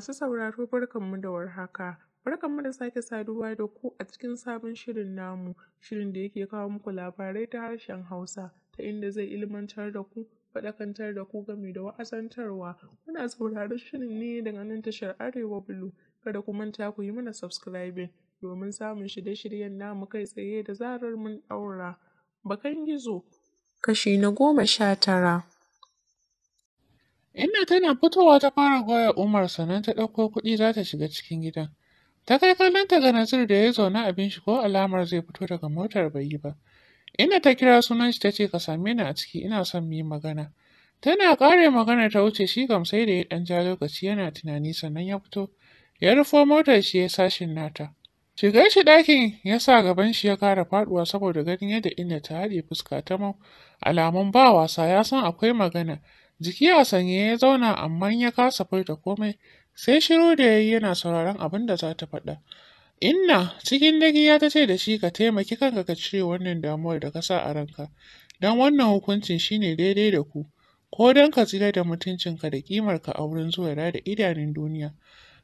Masu sauraro barkanmu da warhaka, barkanmu da sake saduwa da ku a cikin sabon shirin namu, shirin da yake kawo muku labarai ta harshen Hausa ta inda zai ilmantar da ku, faɗakantar da ku game da wa'azantarwa. muna sauraron shirin ne daga nan tashar Arewa Blue, kada ku manta ku yi mana subscribing domin samun shirye-shiryen namu kai tsaye da zarar mun ɗaura. Bakan gizo kashi na goma sha tara. Inna tana fitowa ta fara goya Umar sannan ta ɗauko kuɗi za ta shiga cikin gidan. Ta kai kallonta ga Nazir da ya zauna abin shi ko alamar zai fito daga motar bai yi ba. Inna ta kira sunan shi ta ce ka same ni a ciki ina son mu yi magana. Tana ƙare magana ta wuce shi kam sai da ya ɗan ja lokaci yana tunani sannan ya fito. Ya rufo motar shi ya sashin nata. Shigar shi ɗakin ya sa gaban shi ya kara faɗuwa saboda ganin yadda inda ta haɗe fuska ta mau. Alamun ba wasa ya san akwai magana. Jiki a sanye ya zauna amma ya kasa furta komai, sai shiru da ya yi yana sauraron abin da za ta faɗa. Inna cikin dagiya ta ce da shi ka taimaki kanka ka cire wannan damuwar da ka sa a ranka, don wannan hukuncin shi ne daidai da ku, ko don ka tsira da mutuncinka da ka a wurin zuwa da idanun duniya.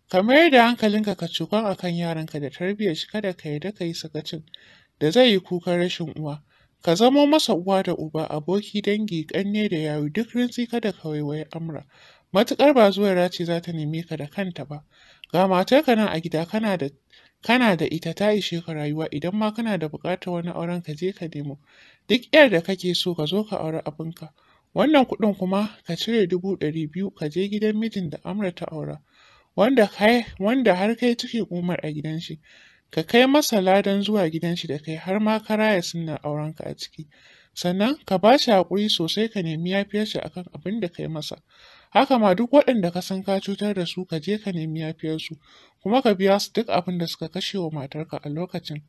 Ka mayar da hankalinka ka cukon a kan yaranka da tarbiyyar shi kada ka yi da ka yi sakacin da zai yi kukan rashin uwa. Ka zamo masa uwa da uba, aboki, dangi, ƙanne da Yawi, duk ka da ka waiwayi Amra, matuƙar ba zuwa ce za ta neme ka da kanta ba. Ga matar ka nan a gida kana da kana da ita ta ishe ka rayuwa idan ma kana da buƙatar wani auren ka je ka nemo. Duk 'yar da kake so ka zo ka auri abinka. Wannan kuɗin kuma ka cire dubu ɗari biyu ka je gidan mijin da Amra ta aura, wanda kai wanda har kai cikin Umar a gidan shi. ka kai masa ladan zuwa gidan shi da kai har ma ka raya auren aurenka a ciki sannan ka ba shi haƙuri sosai ka nemi yafiyar shi akan abin da kai masa haka ma duk waɗanda ka san ka cutar da su ka je ka nemi yafiyar su, kuma ka biya su duk abin da suka kashe wa matarka a lokacin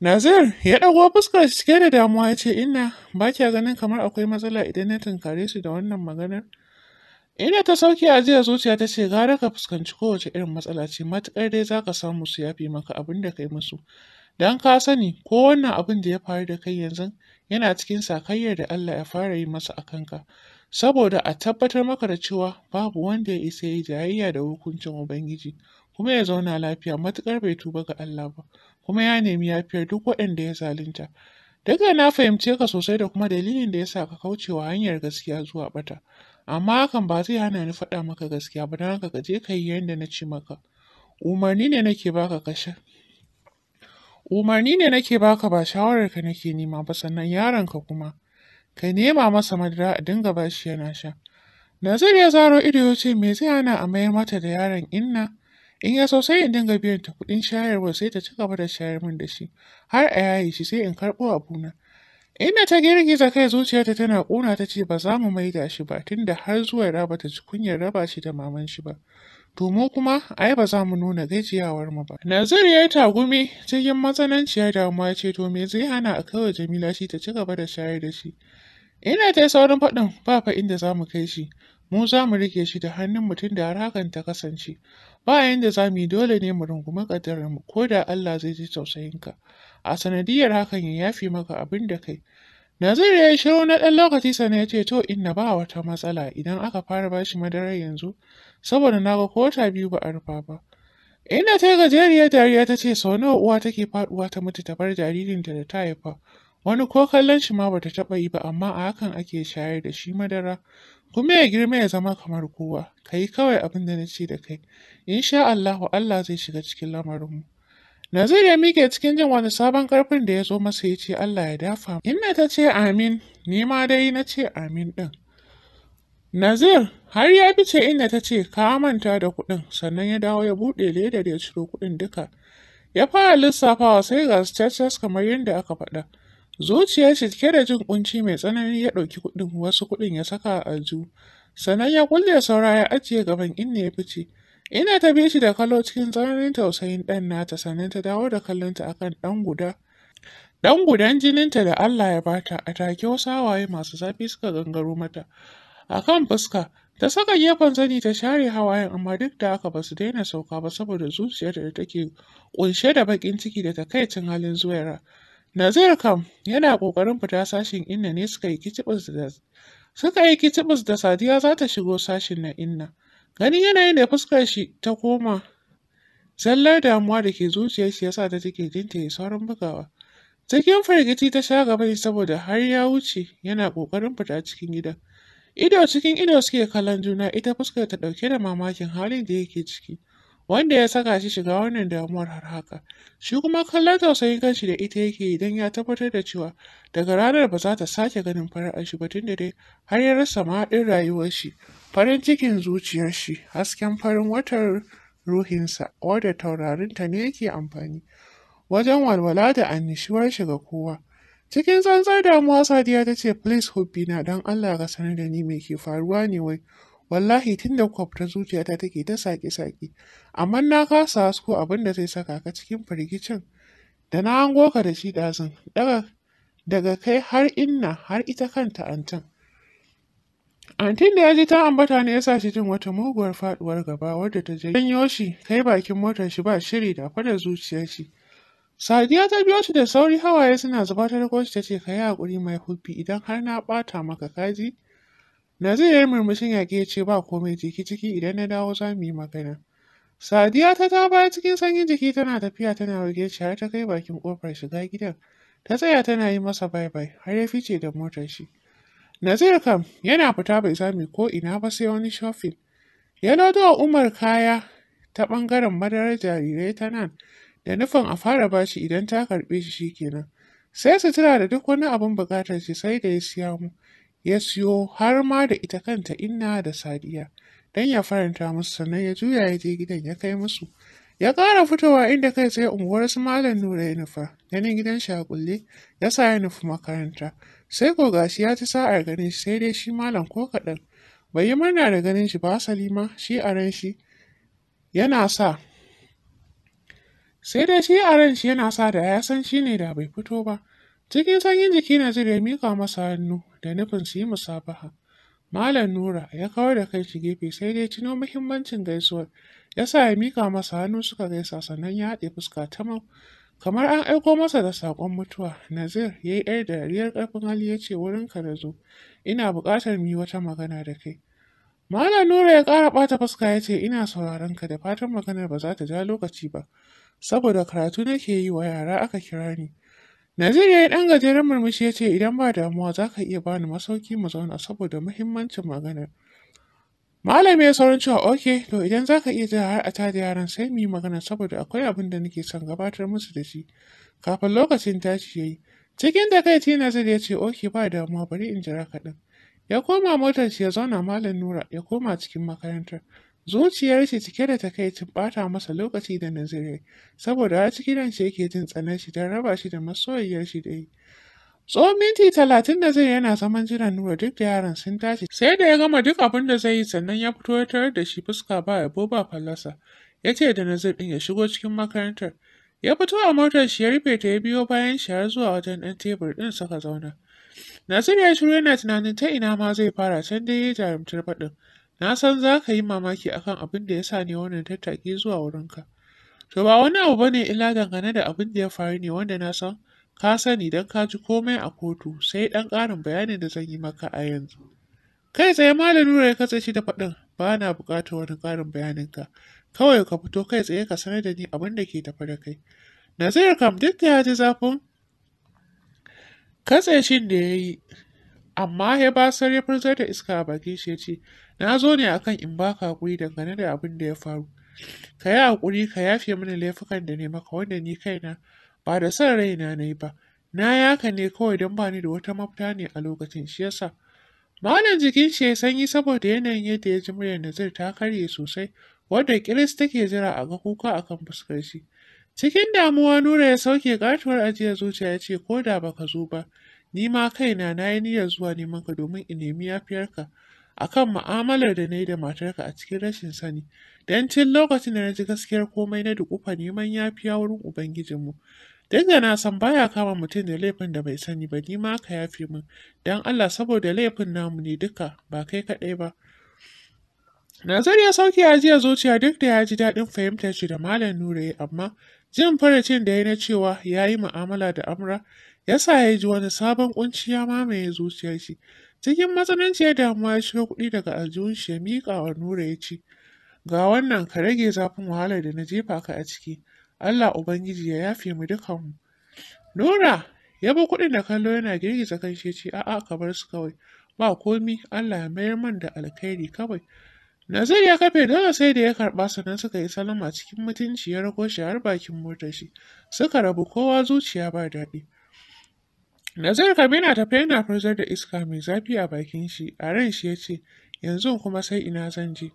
Nazir ya ɗago fuskar cike da damuwa ya ce ina ba kya ganin kamar akwai matsala idan na tunkare su da wannan maganar Ina ta sauki a jiya zuciya ta ce gara ka fuskanci kowace irin matsala ce matuƙar dai za ka samu su yafe maka abin da kai musu. Don ka sani ko wannan abin da ya faru da kai yanzu yana cikin sakayyar da Allah ya fara yi masa a kanka. Saboda a tabbatar maka da cewa babu wanda ya isa ya yi jayayya da hukuncin Ubangiji kuma ya zauna lafiya matuƙar bai tuba ga Allah ba kuma ya nemi yafiyar duk waɗanda ya zalunta. Daga na fahimce ka sosai da kuma dalilin da ya sa ka kaucewa hanyar gaskiya zuwa ɓata. amma hakan ba zai hana ni faɗa maka gaskiya ba don haka ka je ka yi yadda na ce maka umarni ne nake baka kashe umarni ne nake baka ba shawarar ka nake nema ba sannan yaron ka kuma ka nema masa madara a dinga bashi yana sha Nazir ya zaro ido ya ce me zai hana a mayar mata da yaron inna in ya sosai in dinga biyan ta kuɗin shayarwa sai ta ci gaba da shayar min da shi har a yaye shi sai in karɓo abuna Ina ta girgiza kai zuciyarta tana ƙuna ta ce ba za mu maida shi ba tunda har zuwa raba ta ci kunyar raba shi da maman shi ba. To kuma ai ba za mu nuna gajiyawar mu ba. Nazir ya yi tagumi cikin matsananciyar damuwa ce to me zai hana a kawai Jamila shi ta ci gaba da shayar da shi. Ina ta yi saurin faɗin ba fa inda za mu kai shi. mu za mu rike shi da hannun mutum da har hakan ta kasance. Ba yanda za mu yi dole ne mu rungumi mu ko da Allah zai ji tausayinka. A sanadiyar hakan ya yafi maka abin da kai. Nazir ya yi shiru na ɗan lokaci sana ya ce to inna ba wata matsala idan aka fara bashi madarar yanzu saboda na ga kota biyu ba a rufa ba. inna ta gajeriyar dariya ta ce sau nawa uwa take faɗuwa ta mutu ta bar jaririnta da ta haifa. Wani ko kallon shi ma bata taɓa yi ba amma a hakan ake shayar da shi madara. kuma ya girma ya zama kamar kowa ka yi kawai abin da na ce da kai in sha Allahu Allah zai shiga cikin lamarin lamarinmu Nazir ya mike cikin jin wani sabon karfin da ya zo masa ya ce Allah ya dafa inna ta ce amin ni ma dai na ce amin ɗin. Nazir har ya fice inda ta ce ka manta da kuɗin sannan ya dawo ya buɗe ledar ya ciro kuɗin duka ya fara lissafawa sai ga statues kamar yadda aka faɗa Zuciya shi cike da jin kunci mai tsanani ya ɗauki kuɗin wasu kuɗin ya saka a aljihu. Sannan ya kulle saura ya ajiye gaban inda ya fice. Ina ta bi shi da kallo cikin tsananin tausayin ɗan nata sannan ta dawo da kallonta akan ɗan guda. Ɗan gudan jininta da Allah ya bata a take wasawaye masu zafi suka gangaro mata. A kan fuska, ta saka gefen zani ta share hawayen amma duk da haka ba su daina sauka ba saboda zuciyar da take ƙunshe da baƙin ciki da takaicin halin zuwaira. Nazir kam yana ƙoƙarin fita sashin inna ne suka yi kicibis da suka yi kitibus da Sadiya za ta shigo sashin na inna. Gani yanayin da fuskar shi ta koma zallar damuwa da ke zuciyar shi yasa ta take jinta ya saurin bugawa. Cikin fargiti ta sha gaba ne saboda har ya wuce yana ƙoƙarin fita cikin gidan. Ido cikin ido suke kallon juna ita fuskar ta ɗauke da mamakin halin da yake ciki. wanda ya saka shi shiga wannan damuwar har haka. Shi kuma kallon tausayin kanshi da ita yake idan ya tabbatar da cewa daga ranar ba za ta sake ganin farar shi ba tun da dai har ya rasa maɗin rayuwar shi, farin cikin zuciyar shi, hasken farin watar ruhinsa, wadda taurarin ta ne yake amfani wajen walwala da annishuwar shi ga kowa. Cikin tsantsar damuwa Sadiya ta ce, Please, Hubbi na don Allah ka sanar da ni me ke faruwa ne wai. wallahi tun da kwafta zuciyata take ta saƙi-saƙi amma na kasa hasko abin da zai saka ka cikin firgicin da na hango ka da shi ɗazun daga kai har inna har ita kanta antin antin da ya ji ta ambata ne ya sa shi jin wata muguwar faɗuwar gaba wadda ta janyo shi kai bakin motar shi ba shiri da fada zuciyar shi Sadiya ta biyo shi da sauri hawaye suna zubatar ta riko shi ta ce ka yi haƙuri mai hufi, idan har na ɓata maka kaji Nazir yi murmushin yaƙi ya ce ba komai jiki ciki idan na dawo za mu yi magana. Sadiya ta ta baya cikin sanyin jiki tana tafiya tana wage shi har ta kai bakin ƙofar shiga gidan. Ta tsaya tana yi masa bai bai har ya fice da motar shi. Nazir kam yana fita bai zami ko ina ba sai wani shofin. Ya lodo wa Umar kaya ta ɓangaren madarar jarirai ta nan da nufin a fara bashi idan ta karɓe shi shi kenan. Sai sutura da duk wani abin buƙatar shi sai da ya siya mu. ya siyo har ma da ita kanta inna da sadiya don ya faranta musu sannan ya juya ya je gidan ya kai musu ya ƙara fitowa inda kai sai unguwar su malam nura ya nufa ganin gidan shakulle a ya sa ya nufi makaranta sai ko gashi ya ci sa'ar ganin shi sai dai shi malam ko kaɗan bai yi murna da ganin shi ba salima shi a ran shi yana sa sai dai shi a ran shi yana sa da ya san shi ne da bai fito ba cikin sanyin jiki na ya mika masa hannu da nufin su yi musabaha. Malam Nura ya kawar da kai shi gefe sai dai tuno muhimmancin gaisuwar, ya sa ya mika masa hannu suka gaisa sannan ya haɗe fuska ta mau. Kamar an aiko masa da saƙon mutuwa, Nazir ya yi ‘yar dariyar ƙarfin hali ya ce wurin ka da zo, ina buƙatar mu yi wata magana da kai. Malam Nura ya ƙara ɓata fuska ya ce ina sauraron ka da fatan maganar ba za ta ja lokaci ba, saboda karatu nake yi wa yara aka kira ni. Nazir ya ɗan gajeren murmushi ya ce, Idan ba damuwa za ka iya bani masauki mu zauna saboda muhimmancin maganar. Malami ya saurin cewa, "Oke, to idan za ka iya jira har a tada yaran sai mu yi magana saboda akwai abin da nake son gabatar musu da shi." Kafin lokacin tashi ya yi, cikin da kai takaici zai ya ce, "Oke, ba damuwa bari in jira kaɗan." Ya koma motar shi ya zauna Malam Nura ya koma cikin makarantar. Zuciyar shi cike da takaicin bata masa lokaci da nazari, saboda ran shi yake jin tsanar shi don raba shi da masoyiyar shi dai. minti talatin da zai yana zaman jiran nura duk da yaran sun tashi, sai da ya gama duk abin da zai yi sannan ya fito ya tarar da shi fuska ba yabo ba fallasa. Ya ce da Nazir ɗin ya shigo cikin makarantar. Ya fito a motar shi ya rufe ta ya biyo bayan shi har zuwa wajen ɗan tebur ɗin suka zauna. Nazir ya shiru yana tunanin ta ina ma zai fara can dai ya jarumtar faɗin. Na san za ka yi mamaki akan abin da ya sa ne wannan tattaki zuwa wurinka. To ba wani abu bane illa dangane da abin da ya faru ne wanda na san ka sani don ka ji komai a kotu sai dan ƙarin bayanin da zan yi maka a yanzu. Kai tsaye Malam Nura ya katse shi da faɗin ba na buƙatar wani ƙarin bayaninka. Kawai ka fito kai tsaye ka sanar da ni abin da ke tafi da kai. Nazir kam duk da ya ji zafin katse shi da ya yi amma ya ba sar ya furzar da iska a bakin shi ya ce, Na zo ne akan in baka haƙuri dangane da abin da ya faru. Ka yi haƙuri ka yafe mini laifukan da ne maka wanda ni kaina ba da son raina na yi ba. Na yaka ne kawai don ba ni da wata mafita ne a lokacin shi yasa. Malam jikin shi ya sanyi saboda yanayin yadda ya ji muryar zai ta karye sosai, wadda Kiris take jira a ga kuka kan fuskar shi. Cikin damuwa Nura ya sauke katuwar ajiyar zuciya ya ce ko da baka zo ba, Ni ma kaina na yi niyyar zuwa nemanka domin in nemi yafiyarka a kan mu'amalar da na yi da matarka a cikin rashin sani, don tun lokacin da na ji gaskiyar komai na dukufa neman yafiya wurin Ubangijinmu. Duk da na san baya kama mutum da laifin da bai sani ba, ni ma ka yafi min, don Allah saboda laifin namu ne duka, ba kai kaɗai ba. Nazar ya sauke jiya zuciya duk da ya ji daɗin fahimtar shi da Malam Nure amma jin faracin da ya na cewa ya yi mu'amala da Amra ya sa ya ji wani sabon kunci ya mamaye zuciyar shi. Cikin matsananci ya damuwa ya shiga kuɗi daga aljihun shi ya miƙa wa Nura ya ci. Ga wannan ka rage zafin wahalar da na jefa ka a ciki, Allah Ubangiji ya yafe mu mu. Nura ya bi kuɗin da kallo yana girgiza kan shi ce, A'a ka bar su kawai, ba komi Allah ya mayar man da alkhairi kawai. Nazir ya kafe dole sai da ya karɓa sannan suka yi salama cikin mutunci ya rago shi har bakin motar shi, suka rabu kowa zuciya ba daɗi. Nazar kam yana tafiya yana furzar da iska mai zafi a bakin shi, a ran shi ya ce, yanzu kuma sai ina zan je.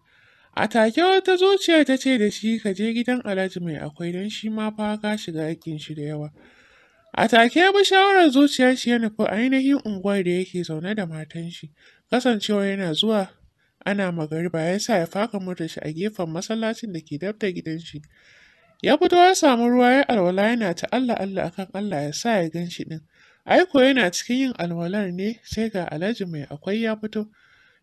A take wata zuciya ta ce da shi ka je gidan Alhaji mai akwai don shi ma fa ka shiga aikin shi da yawa. A take bi shawarar zuciyar shi ya nufi ainihin unguwar da yake zaune da matan shi, kasancewa yana zuwa ana magariba ya sa ya faka mota shi a gefen masallacin da ke dab gidan shi. Ya fito ya samu ruwa ya alwala yana ta Allah Allah akan Allah ya sa ya gan shi din. Aiko yana cikin yin alwalar ne sai ga Alhaji Mai Akwai ya fito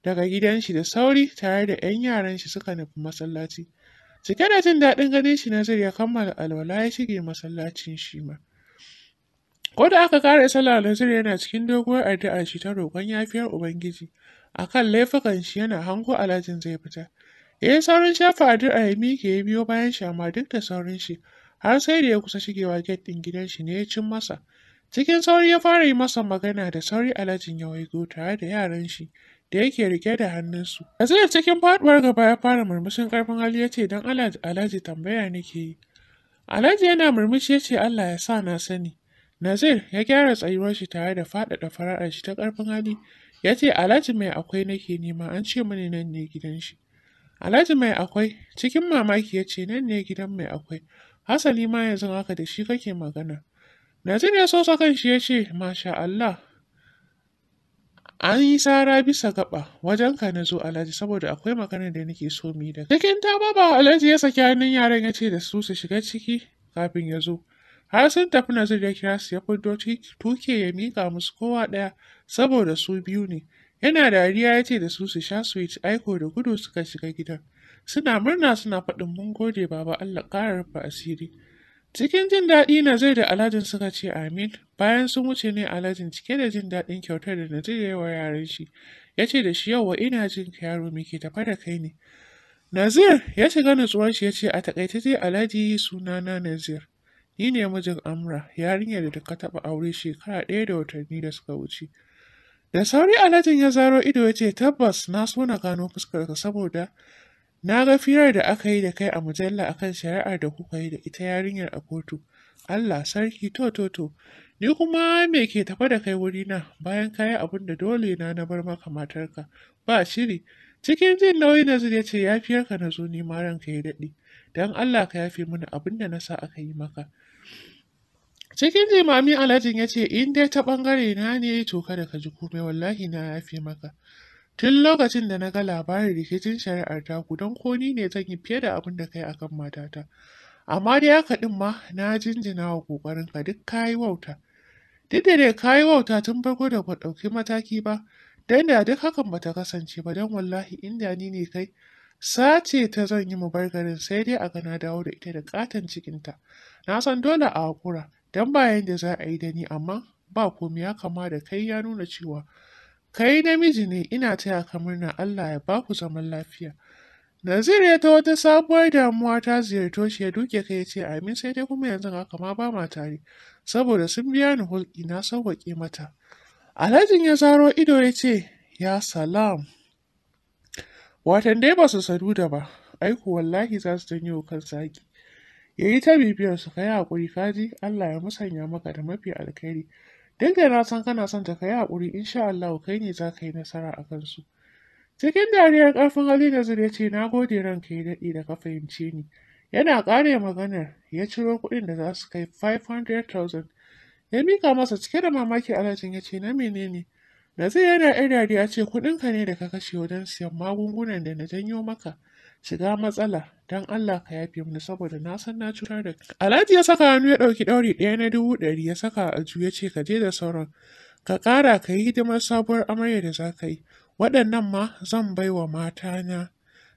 daga gidan shi da sauri tare da ‘yan yaran shi suka nufi masallaci. Cike da jin daɗin ganin shi Nazir ya kammala alwala ya shige masallacin shi ma. Ko da aka kare sallar Nazir yana cikin doguwar addu'a shi ta roƙon yafiyar Ubangiji a kan laifukan shi yana hango alhajin zai fita. Ya yi saurin shafa addu'a ya miƙe ya biyo bayan shi amma duk da saurin shi har sai da ya kusa shigewa get ɗin gidan shi ne ya cin masa. Cikin sauri ya fara yi masa magana da sauri alhajin ya waigo tare da yaran shi da yake rike da hannunsu. zai cikin faɗuwar gaba ya fara murmushin karfin hali ya ce don alhaji tambaya nake yi. Alhaji yana murmushi ya ce Allah ya sa na sani. Nazir ya gyara tsayuwar shi tare da faɗaɗa fara'ar shi ta ƙarfin hali ya ce alhaji mai akwai nake nema an ce mini nan ne gidan shi. Alhaji mai akwai cikin mamaki ya ce nan ne gidan mai akwai. Hasali ma yanzu haka da shi kake magana. Nazir ya kan shi ya ce, Masha Allah, an yi tsara bisa gaba wajen ka na zo alhaji saboda akwai magana da nake so mu da cikin ta baba alhaji ya saki hannun yaran ya ce da su su shiga ciki kafin ya zo har sun tafi nazir ya kira su ya fito tuke ya miƙa musu kowa ɗaya saboda su biyu ne yana dariya ya ce da su su sha suwit aiko da gudu suka shiga gidan suna murna suna faɗin mun gode baba Allah ƙara rufe asiri Cikin jin daɗi zai da Aladin suka ce amin, bayan sun wuce ne Aladin cike da jin daɗin kyautar da Nazir ya yi wa yaran shi, ya ce da shi yau wa ina jin ka yaro me ke tafa da kai ne. Nazir ya shiga nutsuwar shi ya ce a taƙaice dai Alhaji na Nazir. Ni ne mijin Amra, yarinyar da ka taɓa aure shekara ɗaya da watanni da suka wuce. Da sauri Alhajin ya zaro ido ya ce tabbas na so na gano fuskarka saboda Na ga firar da aka yi da kai a mujalla akan shari'ar da kuka yi da ita yarinyar a kotu. Allah sarki to to to. Ni kuma me ke tafa da kai wurina bayan ka yi abin da dole na na bar maka matarka. Ba shiri. Cikin jin nauyi na ya ce ka na zo ni ma ranka ya daɗe. Don Allah ka yafe mana abin da na sa aka yi maka. Cikin jimami alhajin ya ce in dai ta ɓangare na ne to kada ka ji komai wallahi na yafe maka. Tun lokacin da na ga labarin rikicin shari'ar taku don ko ni ne zan yi fiye da abin da kai akan matata. Amma dai haka ɗin ma na jinjina wa ka duk yi wauta. Duk da dai yi wauta tun farko da ba ɗauki mataki ba, don da duk hakan bata kasance ba don wallahi inda ni ne kai sace ta zan yi bar garin sai dai a gana dawo da ita da katon cikinta. Na san dole a hakura don bayan da za a yi da ni amma ba komai ya kama da kai ya nuna cewa Kai namiji ne ina taya ka murna Allah ya ba ku zaman lafiya. Nazir ya ta wata sabuwar damuwa ta ziyarto shi ya duke kai ya ce amin sai dai kuma yanzu haka ma ba ma tare saboda sun biya ni hulɗi na sauwaƙe mata. Alhajin ya zaro ido ya ce ya salam. Watan dai ba su sadu da ba, aiku wallahi za su janyo kan saki. Ya yi ta bibiyar su kai haƙuri kaji Allah ya musanya maka da mafi alkhairi. Duk na san kana son ta kai haƙuri insha Allah kai ne za ka yi nasara a kansu. Cikin dariyar ƙarfin hali da zure ce na gode ranka ya daɗe da ka fahimce ni. Yana ƙare maganar ya ciro kuɗin da za su kai 500,000. Ya mika masa cike da mamaki alhajin ya ce na menene? zai yana ɗan dariya ce kuɗinka ne da ka kashe wajen siyan magungunan da na janyo maka. shiga matsala, don Allah ka yafe mana, saboda na san na cutar da kai. Alhaji ya saka hannu ya ɗauki ɗauri ɗaya na dubu ɗari ya saka a ya ce ka je da sauran ka ƙara ka yi hidimar sabuwar amarya da za ka yi waɗannan ma zan bai wa matana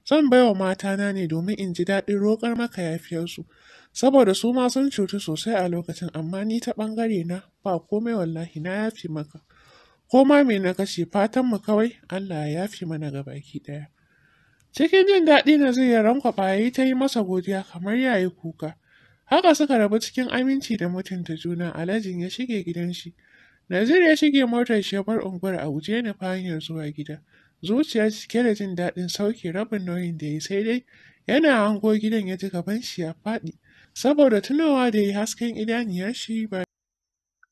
zan bai wa matana ne domin in ji daɗin roƙar maka yafiyarsu saboda su ma sun cutu sosai a lokacin amma ni ta ɓangare na ba komai wallahi na yafi maka ko ma me na kashe fatanmu kawai Allah ya yafi mana gabaki ɗaya Cikin jin daɗi na zai yi ta yi masa godiya kamar ya yi kuka. Haka suka rabu cikin aminci da mutunta juna alhajin ya shige gidan shi. Nazir ya shige motar shi ya bar unguwar a guje ni hanyar zuwa gida. Zuciya cike da jin daɗin sauke rabin nauyin da ya sai dai yana hango gidan ya ji gaban shi ya faɗi saboda tunawa da ya hasken idaniyar shi ba.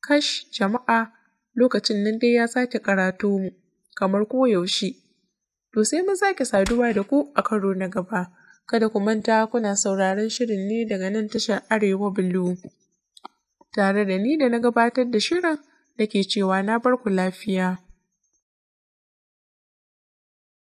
Kash jama'a lokacin nan dai ya sake karatu mu kamar koyaushe. To sai mun sake saduwa da ku a karo na gaba. Kada ku manta kuna sauraron shirin ne daga nan tashar Arewa bulu. Tare da ni da na gabatar da shirin da ke cewa na bar ku lafiya.